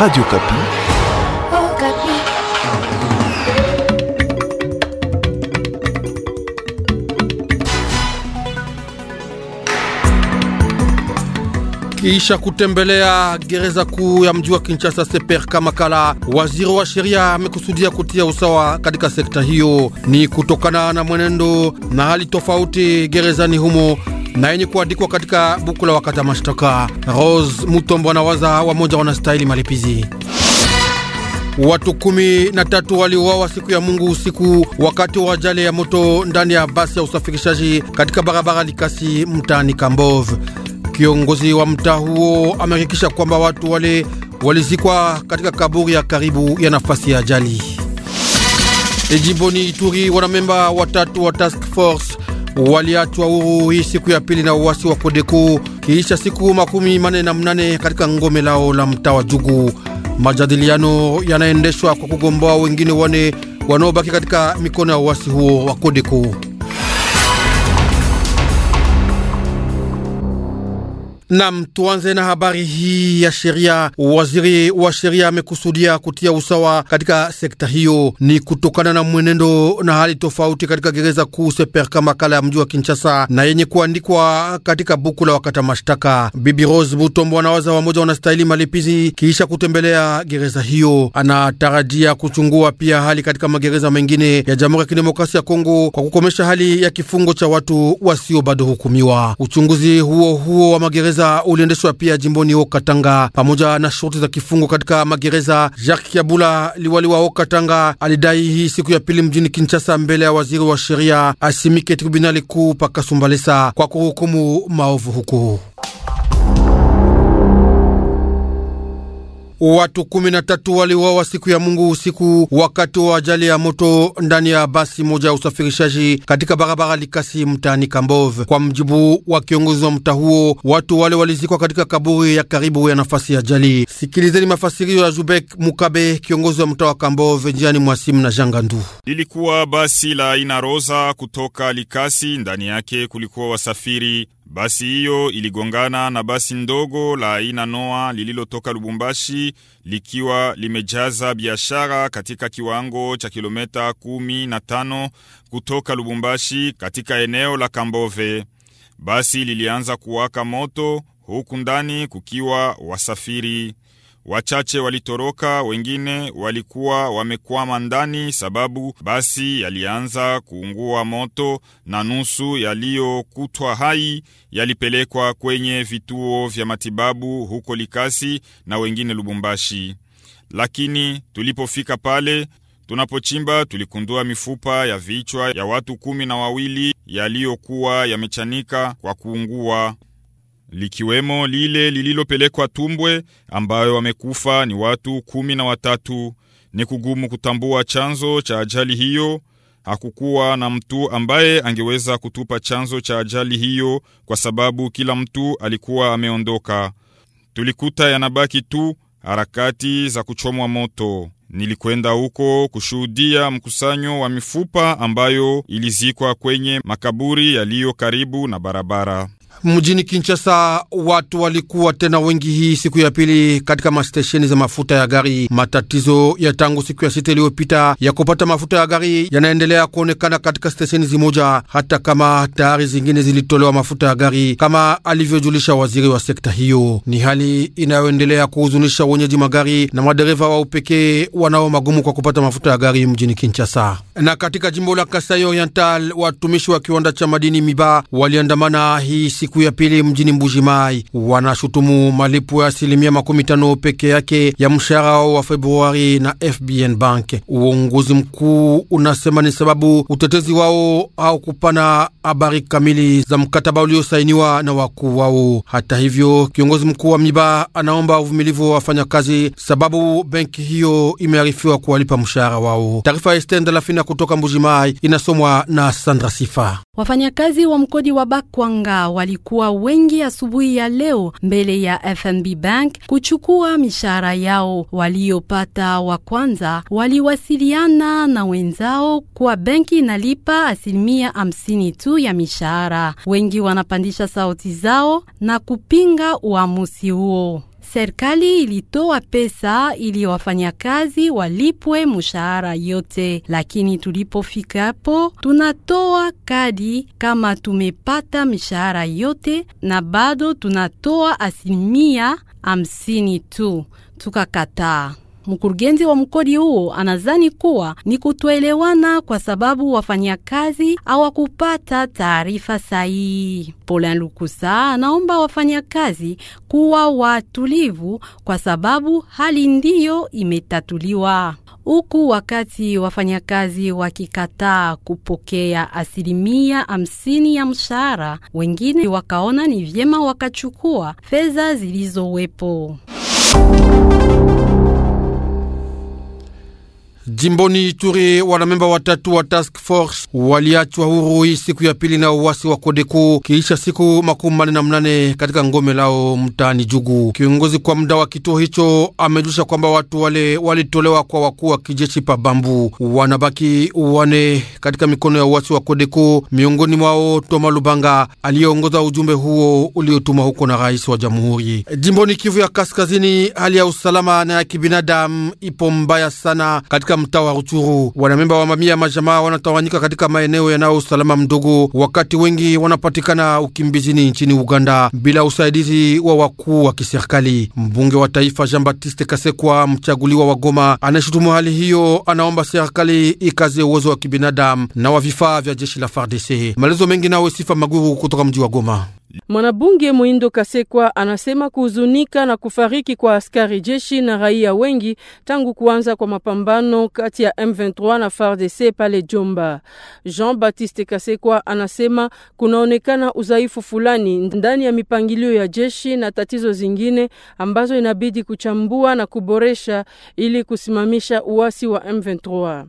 Radio Kapi. Oh, Kapi. Kisha kutembelea gereza kuu ya mji wa Kinshasa Seper Kamakala, waziri wa sheria amekusudia kutia usawa katika sekta hiyo. Ni kutokana na mwenendo na hali tofauti gerezani humo na yenye kuandikwa katika buku la wakata mashtaka. Rose Mutombo anawaza wamoja wanastahili malipizi. Watu kumi na tatu waliuawa siku ya Mungu usiku wakati wa ajali ya moto ndani ya basi ya usafirishaji katika barabara Likasi mtaani Kambove. Kiongozi wa mtaa huo amehakikisha kwamba watu wale walizikwa katika kaburi ya karibu ya nafasi ya ajali. ejimboni Ituri, wanamemba watatu wa task force waliachwa huru hii siku ya pili na uwasi wa Kodeko kiisha siku makumi mane na mnane katika ngome lao la mtaa wa Jugu. Majadiliano yanaendeshwa kwa kugomboa wengine wane wanaobaki katika mikono ya uwasi huo wa Kodeko. Nam, tuanze na habari hii ya sheria. Waziri wa sheria amekusudia kutia usawa katika sekta hiyo, ni kutokana na mwenendo na hali tofauti katika gereza kuu Seperka makala ya mji wa Kinshasa na yenye kuandikwa katika buku la wakata mashtaka. Bibi Rose Butombo wanawaza wamoja wanastahili malipizi kisha kutembelea gereza hiyo. Anatarajia kuchungua pia hali katika magereza mengine ya Jamhuri ya Kidemokrasia ya Kongo kwa kukomesha hali ya kifungo cha watu wasio bado hukumiwa. Uchunguzi huo huo wa magereza gereza uliendeshwa pia jimboni Okatanga pamoja na shurti za kifungo katika magereza. Jacques Kiabula, liwali wa Okatanga, alidai hii siku ya pili mjini Kinshasa mbele ya waziri wa sheria asimike tribunali kuu pa Kasumbalesa kwa kuhukumu maovu huku Watu kumi na tatu waliwawa siku ya Mungu usiku wakati wa ajali ya moto ndani ya basi moja ya usafirishaji katika barabara Likasi mtaani Kambov. Kwa mjibu wa kiongozi wa mtaa huo, watu wale walizikwa katika kaburi ya karibu ya nafasi ya ajali. Sikilizeni mafasirio ya Jubek Mukabe, kiongozi wa mtaa wa Kambov, njiani mwasimu na jangandu. Lilikuwa basi la aina roza kutoka Likasi, ndani yake kulikuwa wasafiri basi hiyo iligongana na basi ndogo la aina Noa lililotoka Lubumbashi likiwa limejaza biashara katika kiwango cha kilomita kumi na tano kutoka Lubumbashi katika eneo la Kambove. Basi lilianza kuwaka moto huku ndani kukiwa wasafiri. Wachache walitoroka, wengine walikuwa wamekwama ndani, sababu basi yalianza kuungua moto na nusu yaliyokutwa hai yalipelekwa kwenye vituo vya matibabu huko Likasi na wengine Lubumbashi. Lakini tulipofika pale tunapochimba tulikundua mifupa ya vichwa ya watu kumi na wawili yaliyokuwa yamechanika kwa kuungua likiwemo lile lililopelekwa Tumbwe ambayo wamekufa ni watu kumi na watatu. Ni kugumu kutambua chanzo cha ajali hiyo. Hakukuwa na mtu ambaye angeweza kutupa chanzo cha ajali hiyo kwa sababu kila mtu alikuwa ameondoka. Tulikuta yanabaki tu harakati za kuchomwa moto. Nilikwenda huko kushuhudia mkusanyo wa mifupa ambayo ilizikwa kwenye makaburi yaliyo karibu na barabara. Mjini Kinshasa watu walikuwa tena wengi hii siku ya pili katika mastesheni za mafuta ya gari. Matatizo ya tangu siku ya sita iliyopita ya kupata mafuta ya gari yanaendelea kuonekana katika stesheni zimoja, hata kama tayari zingine zilitolewa mafuta ya gari, kama alivyojulisha waziri wa sekta hiyo. Ni hali inayoendelea kuhuzunisha wenyeji magari na madereva wa upekee wanao magumu kwa kupata mafuta ya gari mjini Kinshasa. Na katika jimbo la Kasai Oriental, watumishi wa kiwanda cha madini Miba waliandamana hii siku ya pili mjini Mbujimai. Wanashutumu malipo ya asilimia makumi tano peke yake ya mshahara wa Februari na FBN Bank. Uongozi mkuu unasema ni sababu utetezi wao kupana habari kamili za mkataba uliosainiwa na wakuu wao. Hata hivyo, kiongozi mkuu wa Miba anaomba uvumilivu wa wafanyakazi, sababu benki hiyo imearifiwa kuwalipa mshahara wao. Taarifa ya Estenda Lafina kutoka Mbujimai inasomwa na Sandra Sifa. Wafanyakazi wa mkodi wa Bakwanga wali walikuwa wengi asubuhi ya leo mbele ya FNB Bank kuchukua mishahara yao. Waliopata wa kwanza waliwasiliana na wenzao kwa benki inalipa asilimia hamsini tu ya mishahara. Wengi wanapandisha sauti zao na kupinga uamuzi huo. Serikali ilitoa pesa ili wafanyakazi walipwe mshahara yote, lakini tulipofika hapo, tunatoa kadi kama tumepata mshahara yote na bado tunatoa asilimia hamsini tu, tukakataa. Mkurugenzi wa mkodi huo anazani kuwa ni kutoelewana kwa sababu wafanyakazi hawakupata taarifa sahihi. polin Lukusa anaomba wafanyakazi kuwa watulivu kwa sababu hali ndiyo imetatuliwa huku wakati wafanyakazi wakikataa kupokea asilimia hamsini ya mshahara, wengine wakaona ni vyema wakachukua fedha zilizowepo. Jimboni Ituri, wanamemba watatu wa task force waliachwa huru hii siku ya pili na uwasi wa Kodeko kiisha siku makumi manne na mnane katika ngome lao mtaani Jugu. Kiongozi kwa muda wa kituo hicho amejusha kwamba watu wale walitolewa kwa wakuu wa kijeshi pa Bambu. Wanabaki wane katika mikono ya uwasi wa Kodeko, miongoni mwao Toma Lubanga aliyeongoza ujumbe huo uliotumwa huko na rais wa jamhuri. Jimboni Kivu ya Kaskazini, hali ya usalama na ya kibinadamu ipo mbaya sana katika mtaa wa Ruchuru. Wanamemba wa mamia majamaa wanatawanyika katika maeneo yanayo usalama mdogo, wakati wengi wanapatikana ukimbizini nchini Uganda bila usaidizi wa wakuu wa kiserikali. Mbunge wa taifa Jean Baptiste Kasekwa, mchaguliwa wa Goma, anashutumu hali hiyo, anaomba serikali ikaze uwezo wa kibinadamu na wa vifaa vya jeshi la FARDC. Maelezo mengi nawe Sifa Maguru kutoka mji wa Goma. Mwanabunge Muindo Kasekwa anasema kuhuzunika na kufariki kwa askari jeshi na raia wengi tangu kuanza kwa mapambano kati ya M23 na FARDC pale Jomba. Jean Baptiste Kasekwa anasema kunaonekana udhaifu fulani ndani ya mipangilio ya jeshi na tatizo zingine ambazo inabidi kuchambua na kuboresha ili kusimamisha uasi wa M23.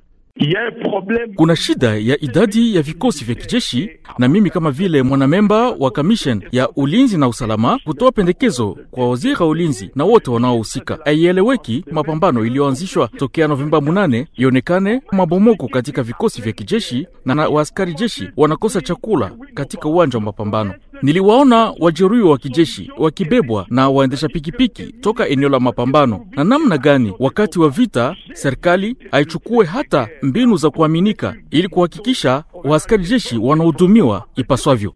Kuna shida ya idadi ya vikosi vya kijeshi, na mimi kama vile mwanamemba wa kamishen ya ulinzi na usalama kutoa pendekezo kwa waziri wa ulinzi na wote wanaohusika. Haieleweki mapambano iliyoanzishwa tokea Novemba 8 ionekane mabomoko katika vikosi vya kijeshi na, na waaskari jeshi wanakosa chakula katika uwanja wa mapambano. Niliwaona wajeruhi wa kijeshi wakibebwa na waendesha pikipiki toka eneo la mapambano. Na namna gani wakati wa vita serikali haichukue hata mbinu za kuaminika ili kuhakikisha askari jeshi wanaotumiwa ipaswavyo.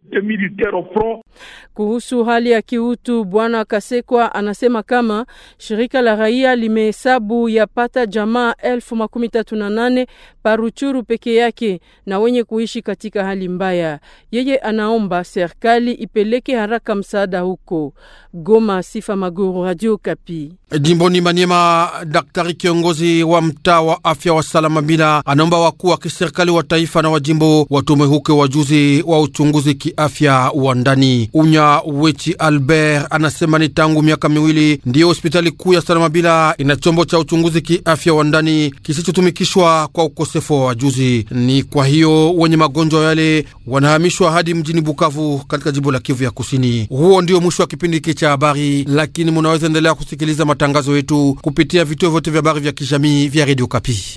Kuhusu hali ya kiutu, Bwana Kasekwa anasema kama shirika la raia limehesabu yapata jamaa elfu makumi tatu na nane paruchuru peke yake na wenye kuishi katika hali mbaya. Yeye anaomba serikali ipeleke haraka msaada huko Goma. Sifa Maguru, Radio Kapi. Jimboni Maniema, daktari kiongozi wa mtaa wa afya wa Salamabila anaomba wakuu wa kiserikali wa taifa na wa jimbo mwisho wa tume wajuzi wa uchunguzi kiafya wa ndani. Unya Wechi Albert anasema ni tangu miaka miwili ndiyo hospitali kuu ya Salamabila ina chombo cha uchunguzi kiafya wa ndani kisichotumikishwa kwa ukosefu wa wajuzi. Ni kwa hiyo wenye magonjwa yale wanahamishwa hadi mjini Bukavu katika jimbo la Kivu ya Kusini. Huo ndio mwisho wa kipindi hiki cha habari, lakini munaweza endelea kusikiliza matangazo yetu kupitia vituo vyote vya habari vya kijamii vya Radio Kapi.